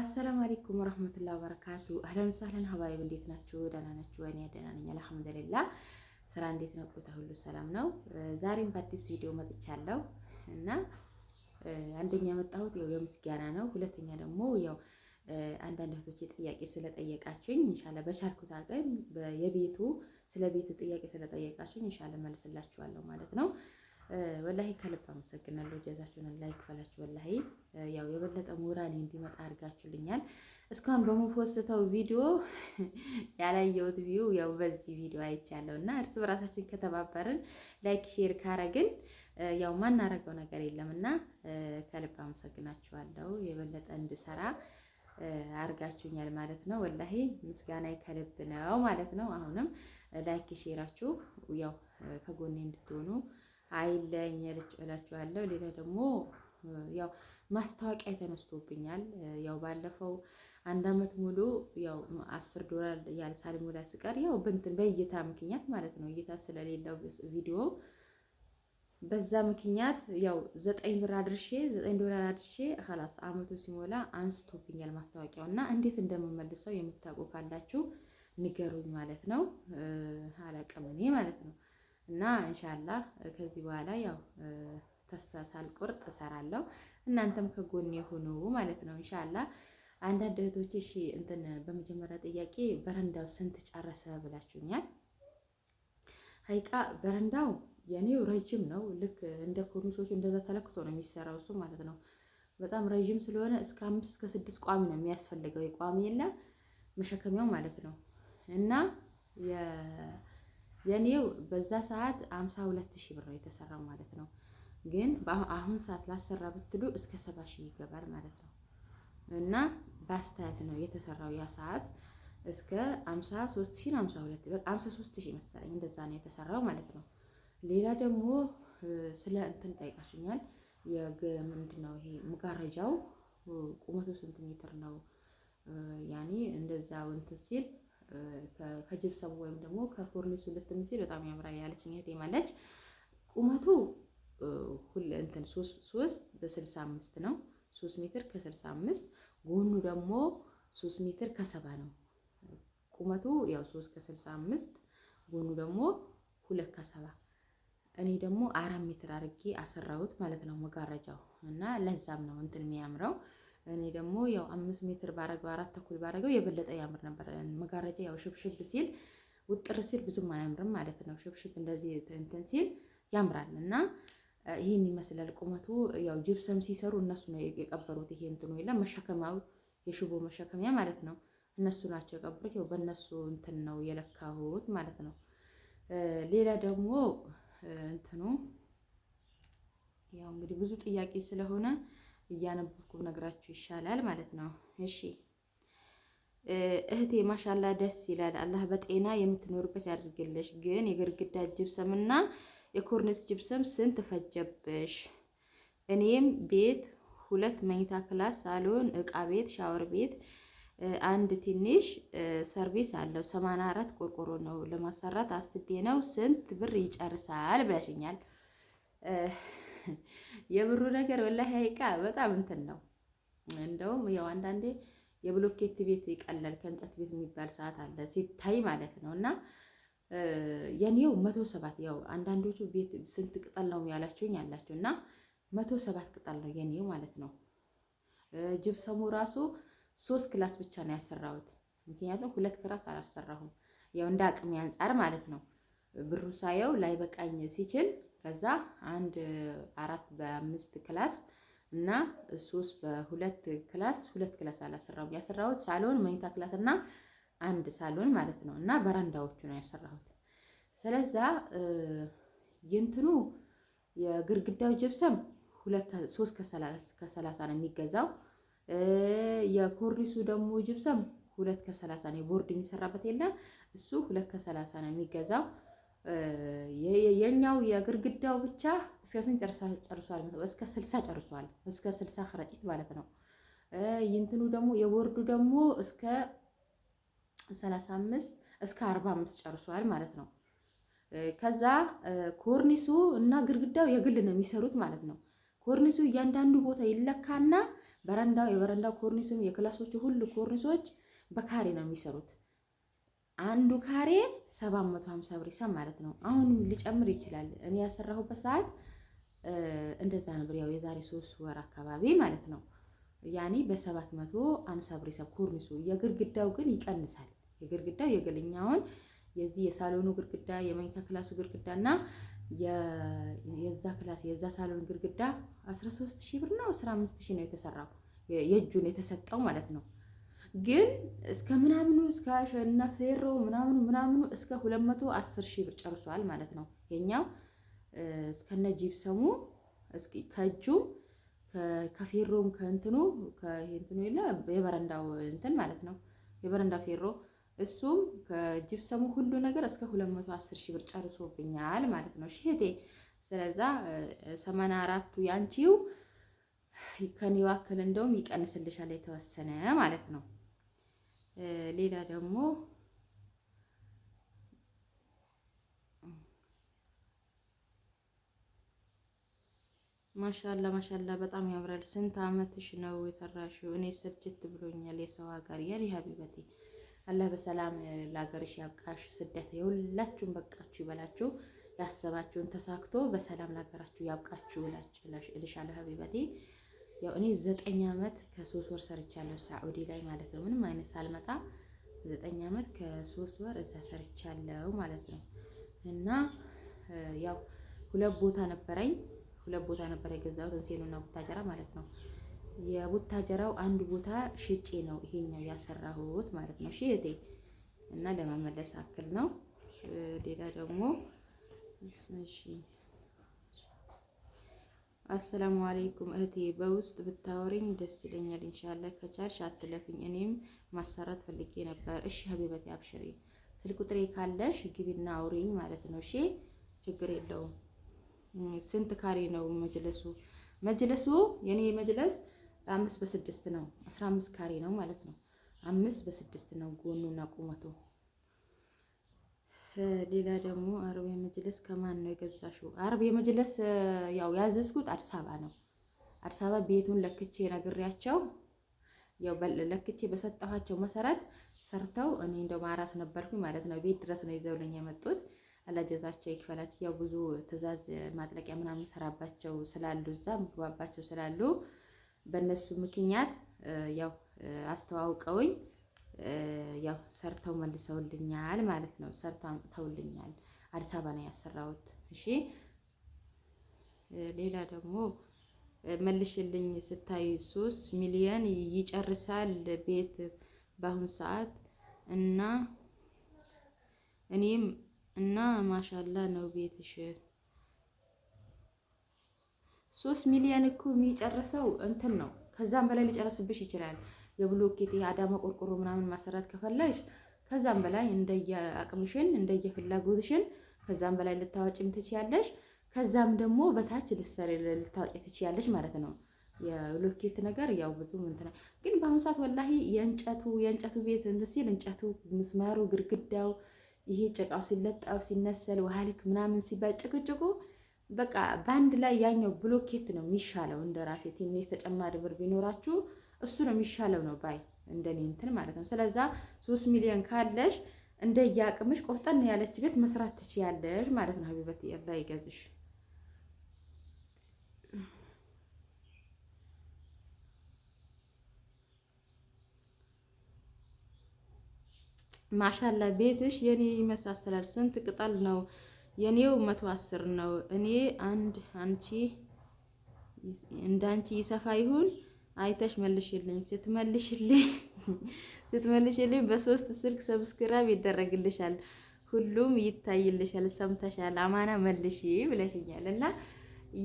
አሰላሙ አለይኩም ወረህመቱላሂ ወበረካቱ። አህለን ሳህለን ሀባይብ እንዴት ናችሁ? ደህና ናችሁ? እኔ ደህና ነኝ አልሐምዱሊላህ። ስራ እንዴት ነው? ቆይታ ሁሉ ሰላም ነው? ዛሬም በአዲስ ቪዲዮ መጥቻለሁ እና አንደኛ የመጣሁት ያው የምስጋና ነው። ሁለተኛ ደግሞ ያው አንዳንድ እህቶች ጥያቄ ስለጠየቃችሁኝ ኢንሻአላህ በቻልኩት አቅም የቤቱ ስለ ቤቱ ጥያቄ ስለጠየቃችሁኝ ኢንሻአላህ መልስላችኋለሁ ማለት ነው። ወላሂ ከልብ አመሰግናለሁ። ጀዛችሁን ላይ ክፈላችሁ። ወላሂ ያው የበለጠ ሞራል እንዲመጣ አድርጋችሁልኛል። እስካሁን በመፎስተው ቪዲዮ ያላየሁት ቪው ያው በዚህ ቪዲዮ አይቻለሁ እና እርስ በራሳችን ከተባበርን ላይክ ሼር ካረግን ያው ማናረገው ነገር የለም እና ከልብ አመሰግናችኋለሁ። የበለጠ እንድሰራ አድርጋችሁኛል ማለት ነው። ወላሂ ምስጋና ከልብ ነው ማለት ነው። አሁንም ላይክ ሼራችሁ ያው ከጎኔ እንድትሆኑ አይለኝ እላችኋለሁ። ሌላ ደግሞ ያው ማስታወቂያ ተነስቶብኛል። ያው ባለፈው አንድ አመት ሙሉ ያው አስር ዶላር ያልሳልሞላ ስቀር ያው በእንትን በእይታ ምክንያት ማለት ነው እይታ ስለሌለው ቪዲዮ በዛ ምክንያት ያው ዘጠኝ ብር አድርሼ ዘጠኝ ዶላር አድርሼ ኸላስ አመቱ ሲሞላ አንስቶብኛል ማስታወቂያው እና እንዴት እንደምመልሰው የምታውቁ ካላችሁ ንገሩኝ ማለት ነው። አላቅም እኔ ማለት ነው። እና እንሻላ ከዚህ በኋላ ያው ተስፋ ሳልቆርጥ እሰራለሁ። እናንተም ከጎኔ ሁኑ ማለት ነው እንሻላ። አንዳንድ እህቶች እሺ እንትን በመጀመሪያ ጥያቄ በረንዳው ስንት ጨረሰ ብላችሁኛል። ሀይቃ በረንዳው የኔው ረጅም ነው። ልክ እንደ ኮርኒሶቹ እንደዛ ተለክቶ ነው የሚሰራው እሱ ማለት ነው። በጣም ረዥም ስለሆነ እስከ አምስት እስከ ስድስት ቋሚ ነው የሚያስፈልገው። የቋሚ የለ መሸከሚያው ማለት ነው እና የኔው በዛ ሰዓት አምሳ ሁለት ሺህ ብር የተሰራው ማለት ነው። ግን አሁን ሰዓት ላሰራ ብትሉ እስከ ሰባ ሺህ ይገባል ማለት ነው። እና በአስተያየት ነው የተሰራው ያ ሰዓት እስከ አምሳ ሦስት ሺህ ነው በቃ አምሳ ሺህ መሰለኝ እንደዛ ነው የተሰራው ማለት ነው። ሌላ ደግሞ ስለ እንትን ጠይቃችሁኛል። ምንድን ነው ይሄ መጋረጃው ቁመቱ ስንት ሜትር ነው? ያኔ እንደዛው እንትን ሲል ከጅብሰቡ ወይም ደግሞ ከኮርኒሱ ልትም ሲል በጣም ያምራል ያለችኝ እህቴ ማለች። ቁመቱ ሁል እንትን ሶስት በስልሳ አምስት ነው ሶስት ሜትር ከስልሳ አምስት ጎኑ ደግሞ ሶስት ሜትር ከሰባ ነው። ቁመቱ ያው ሶስት ከስልሳ አምስት ጎኑ ደግሞ ሁለት ከሰባ እኔ ደግሞ አራት ሜትር አድርጌ አሰራሁት ማለት ነው መጋረጃው እና ለዛም ነው እንትን የሚያምረው እኔ ደግሞ ያው አምስት ሜትር ባረገው አራት ተኩል ባረገው የበለጠ ያምር ነበር። መጋረጃ ያው ሽብሽብ ሲል ውጥር ሲል ብዙም አያምርም ማለት ነው። ሽብሽብ እንደዚህ እንትን ሲል ያምራል እና ይህን ይመስላል ቁመቱ። ያው ጅብሰም ሲሰሩ እነሱ ነው የቀበሩት። ይሄ እንትኑ የለም መሸከሚያው የሽቦ መሸከሚያ ማለት ነው። እነሱ ናቸው የቀበሩት። ያው በእነሱ እንትን ነው የለካሁት ማለት ነው። ሌላ ደግሞ እንትኑ ያው እንግዲህ ብዙ ጥያቄ ስለሆነ እያነበብኩ ነግራችሁ ይሻላል ማለት ነው። እሺ እህቴ ማሻላ ደስ ይላል። አላህ በጤና የምትኖርበት ያድርግልሽ። ግን የግርግዳ ጅብሰም እና የኮርኒስ ጅብሰም ስንት ፈጀብሽ? እኔም ቤት ሁለት መኝታ ክላስ፣ ሳሎን፣ እቃ ቤት፣ ሻወር ቤት አንድ ትንሽ ሰርቪስ አለው። 84 ቆርቆሮ ነው ለማሰራት አስቤ ነው። ስንት ብር ይጨርሳል ብላሽኛል። የብሩ ነገር ወላሂ አይቃ በጣም እንትን ነው። እንደውም ያው አንዳንዴ የብሎኬት ቤት ይቀላል ከእንጨት ቤት የሚባል ሰዓት አለ ሲታይ ማለት ነው። እና የኔው መቶ ሰባት ያው አንዳንዶቹ ቤት ስንት ቅጠል ነው ያላችሁኝ ያላችሁ እና መቶ ሰባት ቅጠል ነው የኔው ማለት ነው። ጅብሰሙ ራሱ ሶስት ክላስ ብቻ ነው ያሰራሁት። ምክንያቱም ሁለት ክራስ አላሰራሁም። ያው እንደ አቅሜ አንጻር ማለት ነው። ብሩ ሳየው ላይ በቃኝ ሲችል ከዛ አንድ አራት በአምስት ክላስ እና ሶስት በሁለት ክላስ ሁለት ክላስ አላሰራሁም። ያሰራሁት ሳሎን፣ መኝታ ክላስ እና አንድ ሳሎን ማለት ነው እና በረንዳዎቹ ነው ያሰራሁት። ስለዛ የእንትኑ የግርግዳው ጅብሰም ሶስት ከሰላሳ ነው የሚገዛው። የኮርኒሱ ደግሞ ጅብሰም ሁለት ከሰላሳ ነው። የቦርድ የሚሰራበት የለም እሱ ሁለት ከሰላሳ ነው የሚገዛው። የኛው የግርግዳው ብቻ እስከ ስንት ጨርሷል? እስከ ስልሳ ጨርሷል። እስከ ስልሳ ከረጢት ማለት ነው። ይንትኑ ደግሞ የቦርዱ ደግሞ እስከ ሰላሳ አምስት እስከ አርባ አምስት ጨርሷል ማለት ነው። ከዛ ኮርኒሱ እና ግርግዳው የግል ነው የሚሰሩት ማለት ነው። ኮርኒሱ እያንዳንዱ ቦታ ይለካና በረንዳው የበረንዳው ኮርኒሱም የክላሶቹ ሁሉ ኮርኒሶች በካሬ ነው የሚሰሩት አንዱ ካሬ 750 ብር ሂሳብ ማለት ነው። አሁን ሊጨምር ይችላል። እኔ ያሰራሁበት ሰዓት እንደዛ ነው ያው የዛሬ ሶስት ወር አካባቢ ማለት ነው። ያኔ በ750 ብር ኮርኒሱ፣ የግድግዳው ግን ይቀንሳል። የግርግዳው የገለኛውን የዚህ የሳሎኑ ግርግዳ የመኝታ ክላሱ ግድግዳና የዛ ክላስ የዛ ሳሎን ግድግዳ 13000 ብር ነው 15000 ነው የተሰራው የእጁን የተሰጠው ማለት ነው። ግን እስከ ምናምኑ እስከ ሸነፌሮ ምናምኑ ምናምኑ እስከ ሁለት መቶ አስር ሺህ ብር ጨርሷል ማለት ነው። የኛው እስከነ ጂፕሰሙ ከእጁ ከፌሮም ከእንትኑ ከእንትኑ የለ የበረንዳው እንትን ማለት ነው የበረንዳ ፌሮ እሱም ከጅብሰሙ ሁሉ ነገር እስከ 210 ሺህ ብር ጨርሶብኛል ማለት ነው። ሽህቴ ስለዛ 84ቱ ያንቺው ከኒዋክል እንደውም ይቀንስልሻል የተወሰነ ማለት ነው። ሌላ ደግሞ ማሻላ ማሻላ በጣም ያምራል። ስንት አመትሽ ነው የሰራሽው? እኔ ስርችት ብሎኛል የሰው ሀገር ያል ሀቢበቴ አላህ በሰላም ለሀገርሽ ያብቃሽ። ስደት የሁላችሁን በቃችሁ ይበላችሁ። ያሰባችሁን ተሳክቶ በሰላም ለሀገራችሁ ያብቃችሁ እልሻለሁ ሀቢበቴ። ያው እኔ ዘጠኝ ዓመት ከሶስት ወር ሰርቻለሁ ሳዑዲ ላይ ማለት ነው። ምንም አይነት ሳልመጣ ዘጠኝ ዓመት ከሶስት ወር እዛ ሰርቻለሁ ማለት ነው። እና ያው ሁለት ቦታ ነበረኝ ሁለት ቦታ ነበር የገዛሁት እንሴኑና ቡታጀራ ማለት ነው። የቡታጀራው አንድ ቦታ ሽጬ ነው ይሄኛው ያሰራሁት ማለት ነው። ሽጬ እና ለመመለስ አክል ነው። ሌላ ደግሞ እሺ አሰላሙ አለይኩም እህቴ፣ በውስጥ ብታወሪኝ ደስ ይለኛል። እንሻላ ከቻልሽ አትለፍኝ። እኔም ማሰራት ፈልጌ ነበር። እሺ ሀቢበቴ አብሽሪ። ስልክ ቁጥሬ ካለሽ ግቢና አውሪኝ ማለት ነው። እሺ ችግር የለውም። ስንት ካሬ ነው መጅለሱ? መጅለሱ የኔ መጅለስ አምስት በስድስት ነው። አስራ አምስት ካሬ ነው ማለት ነው። አምስት በስድስት ነው ጎኑና ቁመቱ ሌላ ደግሞ አረብ የመጅለስ ከማን ነው የገዛሽው? አረብ የመጅለስ ያው ያዘዝኩት አዲስ አበባ ነው። አዲስ አበባ ቤቱን ለክቼ ነግሬያቸው ያው ለክቼ በሰጠኋቸው መሰረት ሰርተው እኔ እንደ ማራስ ነበርኩኝ ማለት ነው። ቤት ድረስ ነው ይዘውልኝ የመጡት። አላጀዛቸው ይክፈላቸው። ያው ብዙ ትዕዛዝ ማጥለቂያ ምናምን ሰራባቸው ስላሉ እዛ ምግባባቸው ስላሉ በእነሱ ምክንያት ያው አስተዋውቀውኝ ያው ሰርተው መልሰውልኛል ማለት ነው። ሰርተው አምጥተውልኛል። አዲስ አበባ ነው ያሰራሁት። እሺ ሌላ ደግሞ መልሽልኝ ስታይ ሶስት ሚሊዮን ይጨርሳል ቤት በአሁኑ ሰዓት እና እኔም እና ማሻላ ነው ቤትሽ። ሶስት ሚሊዮን እኮ የሚጨርሰው እንትን ነው። ከዛም በላይ ሊጨርስብሽ ይችላል። የብሎኬት የአዳማ ቆርቆሮ ምናምን ማሰራት ከፈለሽ ከዛም በላይ እንደየ አቅምሽን እንደየ ፍላጎትሽን ከዛም በላይ ልታወጪም ትችያለሽ። ከዛም ደግሞ በታች ልትሰሪ ልታወጭ ትችያለሽ ማለት ነው። የብሎኬት ነገር ያው ብዙ እንትን ግን በአሁኑ ሰዓት ወላሂ የእንጨቱ የእንጨቱ ቤት እንትን ሲል እንጨቱ፣ ምስማሩ፣ ግድግዳው ይሄ ጭቃው ሲለጣው ሲነሰል ውሃልክ ምናምን ሲባል ጭቅጭቁ በቃ በአንድ ላይ ያኛው ብሎኬት ነው የሚሻለው። እንደ ራሴ ትንሽ ተጨማሪ ብር ቢኖራችሁ እሱ ነው የሚሻለው ነው ባይ እንደኔ እንትን ማለት ነው። ስለዛ ሶስት ሚሊዮን ካለሽ እንደ ያቅምሽ ቆፍጠን ያለች ቤት መስራት ትችያለሽ ማለት ነው። ሀቢበት ያላ ይገዝሽ። ማሻላ ቤትሽ የኔ ይመሳሰላል። ስንት ቅጠል ነው የኔው መቶ አስር ነው። እኔ አንድ አንቺ እንዳንቺ ይሰፋ ይሁን አይተሽ መልሽልኝ። ስትመልሽልኝ ስትመልሽልኝ በሶስት ስልክ ሰብስክራይብ ይደረግልሻል፣ ሁሉም ይታይልሻል። ሰምተሻል? አማና መልሽ ብለሽኛል እና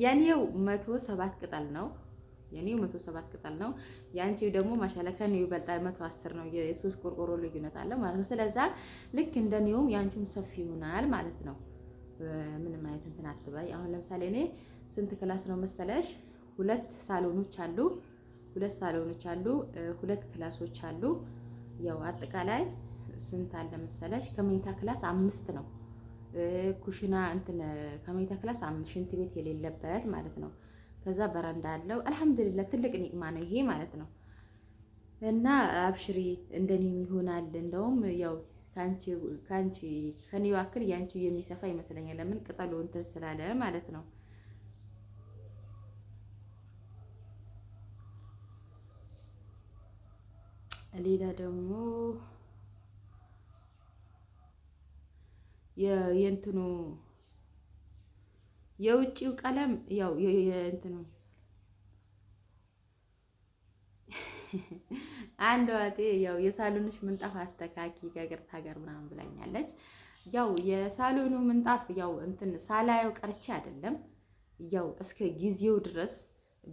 የኔው መቶ ሰባት ቅጠል ነው። የኔው መቶ ሰባት ቅጠል ነው። የአንቺው ደግሞ ማሻላ ከኔው ይበልጣል። መቶ አስር ነው። የሶስት ቆርቆሮ ልዩነት አለ ማለት ነው። ስለዛ ልክ እንደኔውም የአንቺም ሰፊ ይሆናል ማለት ነው። ምንም አይነት እንትን አትበይ። አሁን ለምሳሌ እኔ ስንት ክላስ ነው መሰለሽ? ሁለት ሳሎኖች አሉ፣ ሁለት ሳሎኖች አሉ፣ ሁለት ክላሶች አሉ። ያው አጠቃላይ ስንት አለ መሰለሽ? ከመኝታ ክላስ አምስት ነው። ኩሽና እንትን ከመኝታ ክላስ አምስት ሽንት ቤት የሌለበት ማለት ነው። ከዛ በረንዳ አለው። አልሐምዱሊላህ ትልቅ ኒዕማ ነው ይሄ ማለት ነው። እና አብሽሪ እንደኔ ይሆናል እንደውም ያው ከአንቺ ከኔ ያክል ያንቺ የሚሰፋ ይመስለኛል። ለምን ቅጠሉ እንትን ስላለ ማለት ነው። ሌላ ደግሞ የእንትኑ የውጭው ቀለም ያው የእንትኑ አንድ እህቴ ያው የሳሎንሽ ምንጣፍ አስተካኪ ከግርታ ታገር ምናምን ብላኛለች። ያው የሳሎኑ ምንጣፍ ያው እንትን ሳላየው ቀርቼ አይደለም ያው እስከ ጊዜው ድረስ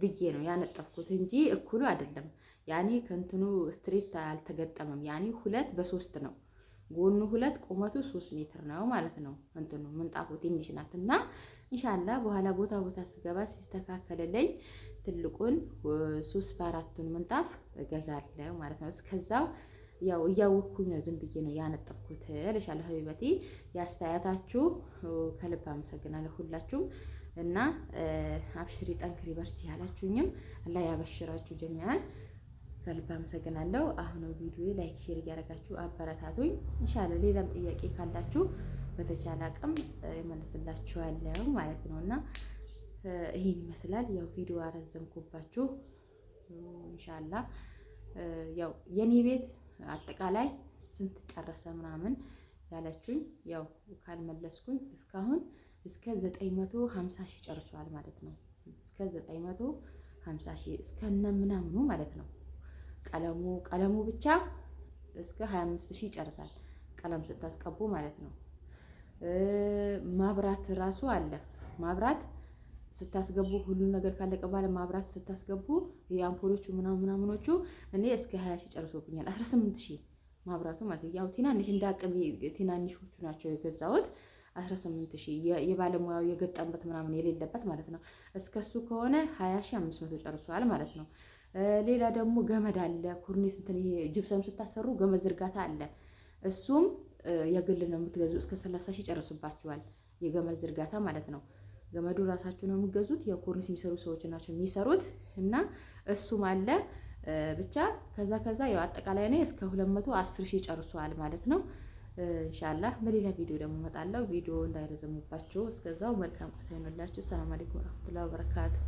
ብዬ ነው ያነጠፍኩት እንጂ እኩሉ አይደለም። ያኔ ከንትኑ ስትሬት አልተገጠመም። ያኔ ሁለት በሶስት ነው ጎኑ ሁለት ቁመቱ ሶስት ሜትር ነው ማለት ነው። እንትኑ ምንጣፉ ትንሽ ናት እና በኋላ ቦታ ቦታ ስገባ ሲስተካከልልኝ ትልቁን ሶስት በአራቱን ምንጣፍ እገዛለሁ ማለት ነው። እስከዛው ያው እያወቅኩኝ ነው፣ ዝም ብዬ ነው ያነጠፍኩት እልሻለሁ። ሀቢበቴ ያስተያየታችሁ ከልብ አመሰግናለሁ ሁላችሁም እና አብሽሪ፣ ጠንክሪ፣ በርቺ ያላችሁኝም አላህ ያበሽራችሁ ጀሚያን ከልብ አመሰግናለሁ። አሁንም ቪዲዮ ላይክ፣ ሼር እያደረጋችሁ አበረታቱኝ። እንሻለ ሌላም ጥያቄ ካላችሁ በተቻለ አቅም እመልስላችኋለሁ ማለት ነው እና ይህን ይመስላል። ያው ቪዲዮ አረዘምኩባችሁ። እንሻላ ያው የኔ ቤት አጠቃላይ ስንት ጨረሰ ምናምን ያለችኝ ያው ካልመለስኩኝ እስካሁን እስከ 950 ሺህ ጨርሷል ማለት ነው። እስከ 950 ሺህ እስከነ ምናምኑ ማለት ነው። ቀለሙ ቀለሙ ብቻ እስከ 25 ሺህ ይጨርሳል። ቀለም ስታስቀቡ ማለት ነው። ማብራት ራሱ አለ ማብራት ስታስገቡ ሁሉም ነገር ካለቀ በኋላ ማብራት ስታስገቡ የአምፖሎቹ ምናምናምኖቹ እኔ እስከ ሀያ ሺህ ጨርሶብኛል። አስራ ስምንት ሺህ ማብራቱ ማለት ያው ትናንሽ እንደ አቅም ትናንሾቹ ናቸው የገዛሁት። አስራ ስምንት ሺህ የባለሙያው የገጠምበት ምናምን የሌለበት ማለት ነው። እስከሱ ከሆነ ሀያ ሺህ አምስት መቶ ጨርሷል ማለት ነው። ሌላ ደግሞ ገመድ አለ ኮርኒስ እንትን ይሄ ጅብሰም ስታሰሩ ገመድ ዝርጋታ አለ። እሱም የግል ነው የምትገዙ እስከ ሰላሳ ሺህ ጨርሱባችኋል። የገመድ ዝርጋታ ማለት ነው። ገመዱ ራሳቸው ነው የሚገዙት። የኮርኒስ የሚሰሩ ሰዎች ናቸው የሚሰሩት እና እሱም አለ ብቻ ከዛ ከዛ ያው አጠቃላይ ነው እስከ 210 ሺህ ጨርሷል ማለት ነው። ኢንሻአላህ በሌላ ቪዲዮ ደግሞ እመጣለሁ። ቪዲዮ እንዳይረዘምባችሁ እስከዛው መልካም ቆይታ ይሁንላችሁ። ሰላም አለይኩም ወራህመቱላሂ ወበረካቱ